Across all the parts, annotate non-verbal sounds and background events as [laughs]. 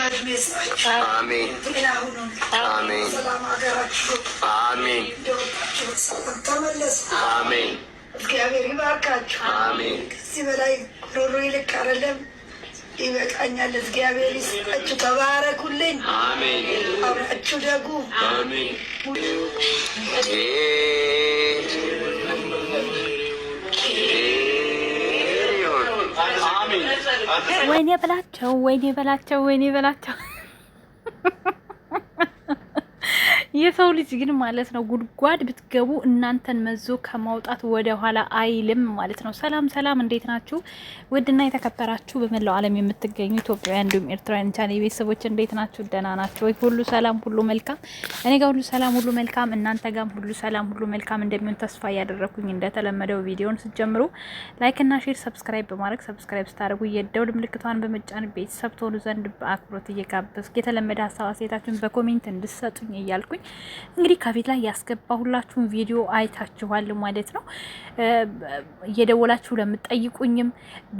መድሜስ ናቸው። አሜን። ጤና እግዚአብሔር ይባርካችሁ። ከዚህ በላይ ሮሮ ይልቅ አይደለም ይበቃኛል። እግዚአብሔር ይስጣችሁ። ተባረኩልኝ። አብራችሁ ደጉ። አሜን። ወይኔ በላቸው፣ ወይኔ በላቸው፣ ወይኔ በላቸው። የሰው ልጅ ግን ማለት ነው ጉድጓድ ብትገቡ እናንተን መዞ ከማውጣት ወደ ኋላ አይልም ማለት ነው። ሰላም ሰላም፣ እንዴት ናችሁ? ውድና የተከበራችሁ በመላው ዓለም የምትገኙ ኢትዮጵያውያን እንዲሁም ኤርትራውያን ቻኔ ቤተሰቦች እንዴት ናችሁ? ደህና ናችሁ ወይ? ሁሉ ሰላም፣ ሁሉ መልካም። እኔ ጋር ሁሉ ሰላም፣ ሁሉ መልካም። እናንተ ጋርም ሁሉ ሰላም፣ ሁሉ መልካም እንደሚሆን ተስፋ እያደረኩኝ እንደተለመደው ቪዲዮን ስትጀምሩ ላይክና ሼር፣ ሰብስክራይብ በማድረግ ሰብስክራይብ ስታደርጉ የደውል ምልክቷን በመጫን ቤተሰብ ትሆኑ ዘንድ በአክብሮት እየጋበዝኩ የተለመደ ሀሳብ አስተያየታችሁን በኮሜንት እንድሰጡኝ እያልኩኝ ብለዋል። እንግዲህ ከፊት ላይ ያስገባሁላችሁን ቪዲዮ አይታችኋል ማለት ነው። እየደወላችሁ ለምትጠይቁኝም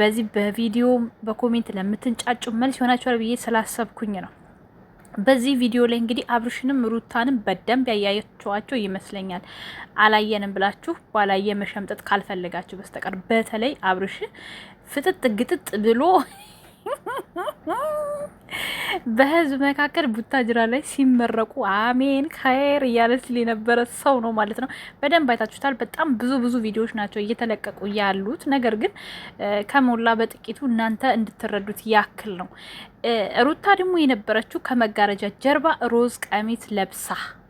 በዚህ በቪዲዮ በኮሜንት ለምትንጫጩ መልስ ይሆናችኋል ብዬ ስላሰብኩኝ ነው። በዚህ ቪዲዮ ላይ እንግዲህ አብርሽንም ሩታንም በደንብ ያያያችኋቸው ይመስለኛል። አላየንም ብላችሁ ባላየ መሸምጠጥ ካልፈለጋችሁ በስተቀር በተለይ አብርሽ ፍጥጥ ግጥጥ ብሎ በህዝብ መካከል ቡታጅራ ላይ ሲመረቁ አሜን ካየር እያለ ሲል የነበረ ሰው ነው ማለት ነው። በደንብ አይታችሁታል። በጣም ብዙ ብዙ ቪዲዮዎች ናቸው እየተለቀቁ ያሉት። ነገር ግን ከሞላ በጥቂቱ እናንተ እንድትረዱት ያክል ነው። ሩታ ደግሞ የነበረችው ከመጋረጃ ጀርባ ሮዝ ቀሚስ ለብሳ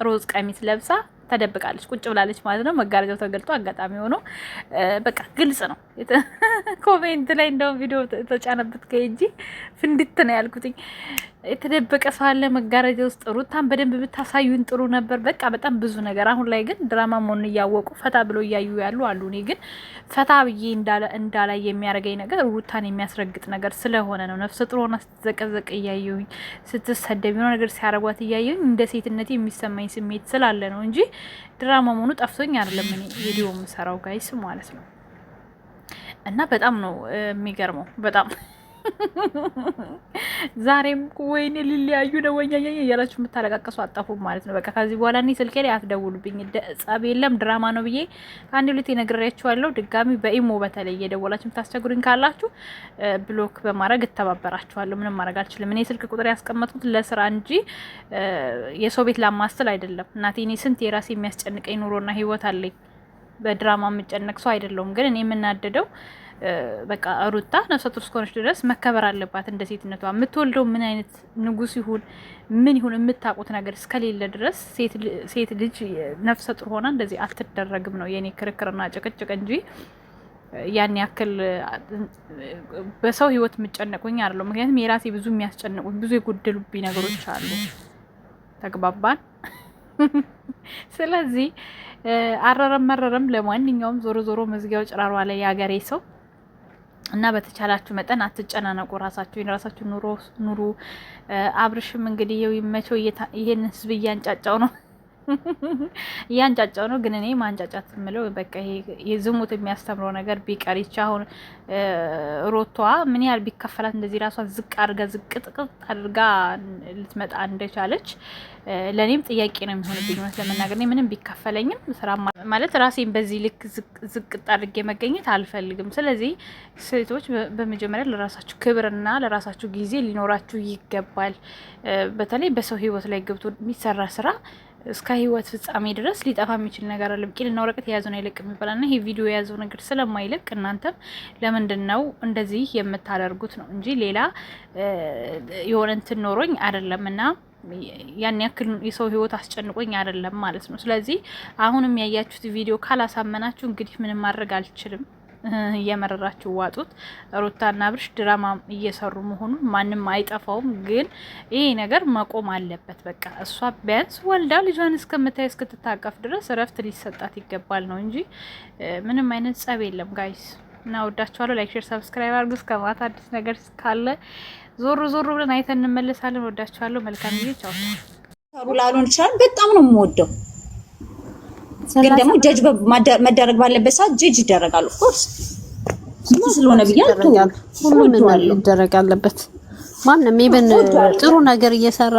ሮዝ ቀሚስ ለብሳ ተደብቃለች። ቁጭ ብላለች ማለት ነው። መጋረጃው ተገልጦ አጋጣሚ ሆኖ በቃ ግልጽ ነው። [laughs] ኮሜንት ላይ እንደውም ቪዲዮ ተጫነበት ከእጂ ፍንድት ነው ያልኩትኝ። የተደበቀ ሰው አለ መጋረጃ ውስጥ። ሩታን በደንብ ብታሳዩን ጥሩ ነበር። በቃ በጣም ብዙ ነገር። አሁን ላይ ግን ድራማ መሆኑን እያወቁ ፈታ ብለው እያዩ ያሉ አሉ። እኔ ግን ፈታ ብዬ እንዳላይ የሚያደርገኝ ነገር ሩታን የሚያስረግጥ ነገር ስለሆነ ነው። ነፍሰ ጥሩ ሆና ስትዘቀዘቅ እያየሁኝ፣ ስትሰደብ የሆነ ነገር ሲያረጓት እያየሁኝ እንደ ሴትነት የሚሰማኝ ስሜት ስላለ ነው እንጂ ድራማ መሆኑ ጠፍቶኝ አይደለም። እኔ ቪዲዮ የምሰራው ጋይስ ማለት ነው። እና በጣም ነው የሚገርመው። በጣም [laughs] ዛሬም ወይኔ ሊለያዩ ነው ወኛ እያላችሁ የምታለቃቀሱ አጣፉም ማለት ነው። በቃ ከዚህ በኋላ እኔ ስልኬ ላይ አትደውሉብኝ፣ ጸብ የለም ድራማ ነው ብዬ ከአንድ ሁለቴ ነግሬያችኋለሁ። ድጋሚ በኢሞ በተለይ እየደወላችሁ የምታስቸግሩኝ ካላችሁ ብሎክ በማድረግ እተባበራችኋለሁ። ምንም ማድረግ አልችልም። እኔ ስልክ ቁጥር ያስቀመጥኩት ለስራ እንጂ የሰው ቤት ላማስል አይደለም። እናቴ እኔ ስንት የራሴ የሚያስጨንቀኝ ኑሮና ህይወት አለኝ። በድራማ የምጨነቅ ሰው አይደለውም ግን እኔ የምናደደው በቃ ሩታ ነፍሰ ጡር እስከሆነች ድረስ መከበር አለባት እንደ ሴትነቷ። የምትወልደው ምን አይነት ንጉስ ይሁን ምን ይሁን የምታውቁት ነገር እስከሌለ ድረስ ሴት ልጅ ነፍሰ ጡር ሆና እንደዚህ አልትደረግም ነው የእኔ ክርክርና ጭቅጭቅ እንጂ ያን ያክል በሰው ህይወት የምጨነቁኝ አይደለሁ። ምክንያቱም የራሴ ብዙ የሚያስጨንቁኝ ብዙ የጎደሉብኝ ነገሮች አሉ። ተግባባን። [laughs] ስለዚህ አረረም መረረም፣ ለማንኛውም ዞሮ ዞሮ መዝጊያው ጭራሯ ላይ የሀገሬ ሰው እና በተቻላችሁ መጠን አትጨናነቁ። ራሳችሁ ራሳችሁ ኑሮ ኑሩ። አብርሽም እንግዲህ የው ይመቸው። ይሄን ህዝብ እያንጫጫው ነው [laughs] እያንጫጫው ነው። ግን እኔ ማንጫጫት የምለው በቃ ይሄ የዝሙት የሚያስተምረው ነገር ቢቀሪች አሁን ሮቷ ምን ያህል ቢከፈላት እንደዚህ ራሷን ዝቅ አድርጋ ጥቅጥ አድርጋ ልትመጣ እንደቻለች ለእኔም ጥያቄ ነው የሚሆንብኝ። እውነት ለመናገር እኔ ምንም ቢከፈለኝም ስራ ማለት ራሴን በዚህ ልክ ዝቅጥ አድርጌ መገኘት አልፈልግም። ስለዚህ ሴቶች በመጀመሪያ ለራሳችሁ ክብርና ለራሳችሁ ጊዜ ሊኖራችሁ ይገባል። በተለይ በሰው ህይወት ላይ ገብቶ የሚሰራ ስራ እስከ ህይወት ፍጻሜ ድረስ ሊጠፋ የሚችል ነገር አለ። ቢቂልና ወረቀት የያዘውን አይለቅም ይባላል እና ይሄ ቪዲዮ የያዘው ነገር ስለማይለቅ እናንተም ለምንድን ነው እንደዚህ የምታደርጉት ነው እንጂ ሌላ የሆነ እንትን ኖሮኝ አይደለም እና ያን ያክል የሰው ህይወት አስጨንቆኝ አይደለም ማለት ነው። ስለዚህ አሁንም ያያችሁት ቪዲዮ ካላሳመናችሁ እንግዲህ ምንም ማድረግ አልችልም። [laughs] እየመረራችሁ ዋጡት። ሩታና ብርሽ ድራማ እየሰሩ መሆኑን ማንም አይጠፋውም፣ ግን ይሄ ነገር መቆም አለበት። በቃ እሷ ቢያንስ ወልዳ ልጇን እስከምታይ እስክትታቀፍ ድረስ እረፍት ሊሰጣት ይገባል ነው እንጂ ምንም አይነት ጸብ የለም ጋይስ። እና ወዳችኋለሁ። ላይክ፣ ሼር፣ ሰብስክራይብ አድርጉ። እስከ ማታ አዲስ ነገር ካለ ዞሮ ዞሮ ብለን አይተን እንመለሳለን። ወዳችኋለሁ። መልካም ጊዜ። ቻው። ሩላሉን ይችላል። በጣም ነው የምወደው ግን ደግሞ ጀጅ መደረግ ባለበት ሰዓት ጀጅ ይደረጋል። ኦፍኮርስ ስለሆነ ብያለሁ። ሁሉም ይደረግ አለበት። ማንም ይብን ጥሩ ነገር እየሰራ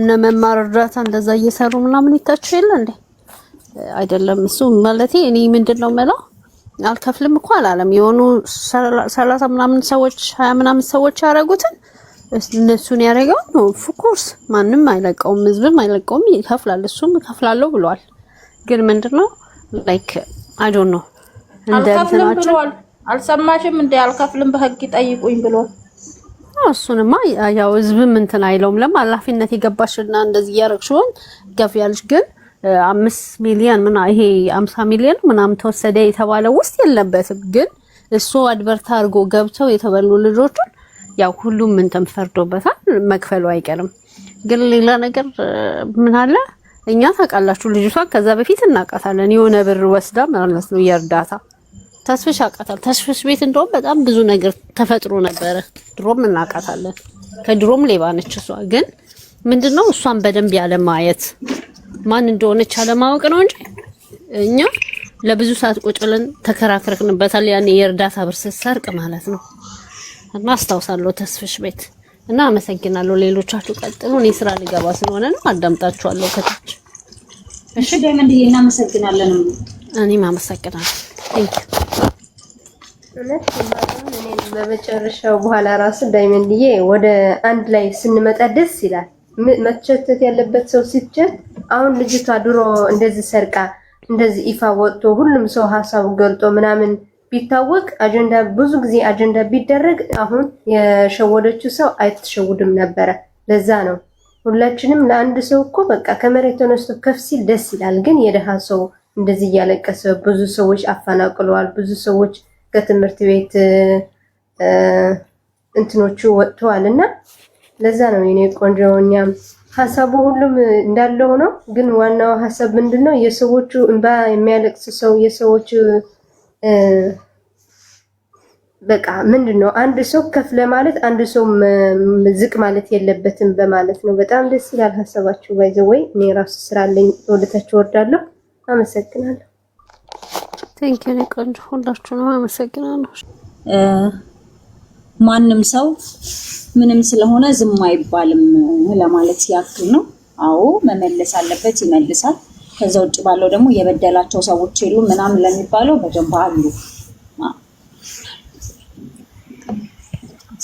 እነ መማር እርዳታ እንደዛ እየሰሩ ምናምን ይታችሁ የለ እንዴ? አይደለም እሱ ማለቴ እኔ ምንድነው መላው አልከፍልም እኮ አላለም። የሆኑ ሰላሳ ምናምን ሰዎች ሀያ ምናምን ሰዎች ያደረጉትን እነሱን ያደረገው ነው። ኦፍ ኮርስ ማንም አይለቀውም፣ ህዝብም አይለቀውም። ይከፍላል፣ እሱም እከፍላለሁ ብሏል። ግን ምንድን ነው ላይክ አይ ዶንት ኖ አልሰማሽም እንደ አልከፍልም በህግ ይጠይቁኝ ብሎ እሱንማ ያው ህዝብም እንትን አይለውም። ለምን ኃላፊነት የገባሽና እንደዚህ እያረግሽውን ገፍ ግን አምስት ሚሊዮን ምና ይሄ አምሳ ሚሊዮን ምናምን ተወሰደ የተባለ ውስጥ የለበትም። ግን እሱ አድቨርታ አድርጎ ገብተው የተበሉ ልጆቹን ያው ሁሉም ምንትን ፈርዶበታል፣ መክፈሉ አይቀርም። ግን ሌላ ነገር ምን አለ እኛ ታውቃላችሁ፣ ልጅቷን ከዛ በፊት እናውቃታለን። የሆነ ብር ወስዳ ማለት ነው የእርዳታ ተስፍሽ አውቃታል። ተስፍሽ ቤት እንደውም በጣም ብዙ ነገር ተፈጥሮ ነበረ። ድሮም እናውቃታለን። ከድሮም ሌባ ነች እሷ። ግን ምንድነው እሷን በደንብ ያለ ማየት ማን እንደሆነች አለማወቅ ነው እንጂ እኛ ለብዙ ሰዓት ቁጭ ብለን ተከራክረንበታል። ያኔ የእርዳታ ብር ስትሰርቅ ማለት ነው እና አስታውሳለሁ ተስፍሽ ቤት እና አመሰግናለሁ። ሌሎቻችሁ ቀጥሉ። እኔ ስራ ልገባ ስለሆነ ነው፣ አዳምጣችኋለሁ ከታች። እሺ ዳይመንድ፣ እናመሰግናለን። እኔም አመሰግናለሁ። በመጨረሻው በኋላ ራሱ ዳይመንድዬ ወደ አንድ ላይ ስንመጣ ደስ ይላል። መቸተት ያለበት ሰው ሲቸት፣ አሁን ልጅቷ ድሮ እንደዚህ ሰርቃ እንደዚህ ይፋ ወጥቶ ሁሉም ሰው ሀሳቡ ገልጦ ምናምን ቢታወቅ አጀንዳ ብዙ ጊዜ አጀንዳ ቢደረግ አሁን የሸወደችው ሰው አይተሸውድም ነበረ። ለዛ ነው ሁላችንም ለአንድ ሰው እኮ በቃ ከመሬት ተነስቶ ከፍ ሲል ደስ ይላል። ግን የደሃ ሰው እንደዚህ እያለቀሰ ብዙ ሰዎች አፈናቅለዋል። ብዙ ሰዎች ከትምህርት ቤት እንትኖቹ ወጥተዋል። እና ለዛ ነው የኔ ቆንጆ እኛም ሀሳቡ ሁሉም እንዳለው ነው ግን ዋናው ሀሳብ ምንድን ነው የሰዎቹ እንባ የሚያለቅስ ሰው የሰዎች በቃ ምንድን ነው አንድ ሰው ከፍ ለማለት አንድ ሰው ዝቅ ማለት የለበትም በማለት ነው። በጣም ደስ ይላል ሀሳባችሁ። ወይ እኔ ራሱ ስራ አለኝ፣ ወርዳለሁ። አመሰግናለሁ። ቴንኪን ቆንጆ፣ ነው። አመሰግናለሁ። ማንም ሰው ምንም ስለሆነ ዝም አይባልም ለማለት ያክል ነው። አዎ መመለስ አለበት፣ ይመልሳል። ከዛ ውጭ ባለው ደግሞ የበደላቸው ሰዎች የሉ ምናምን ለሚባለው በደንብ አሉ።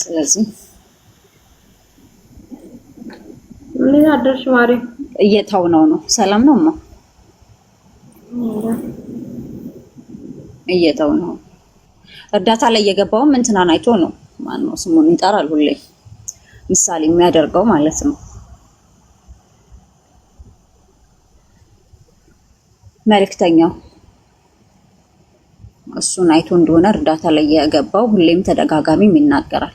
ስለዚህ ምን አደርሽ ማሪ? እየታው ነው ነው ሰላም ነው ማ እየታው ነው እርዳታ ላይ የገባውም እንትናን አይቶ ነው ማነው ስሙን ይጠራል ሁሌ ምሳሌ የሚያደርገው ማለት ነው። መልክተኛው እሱን አይቶ እንደሆነ እርዳታ ላይ የገባው ሁሌም ተደጋጋሚም ይናገራል።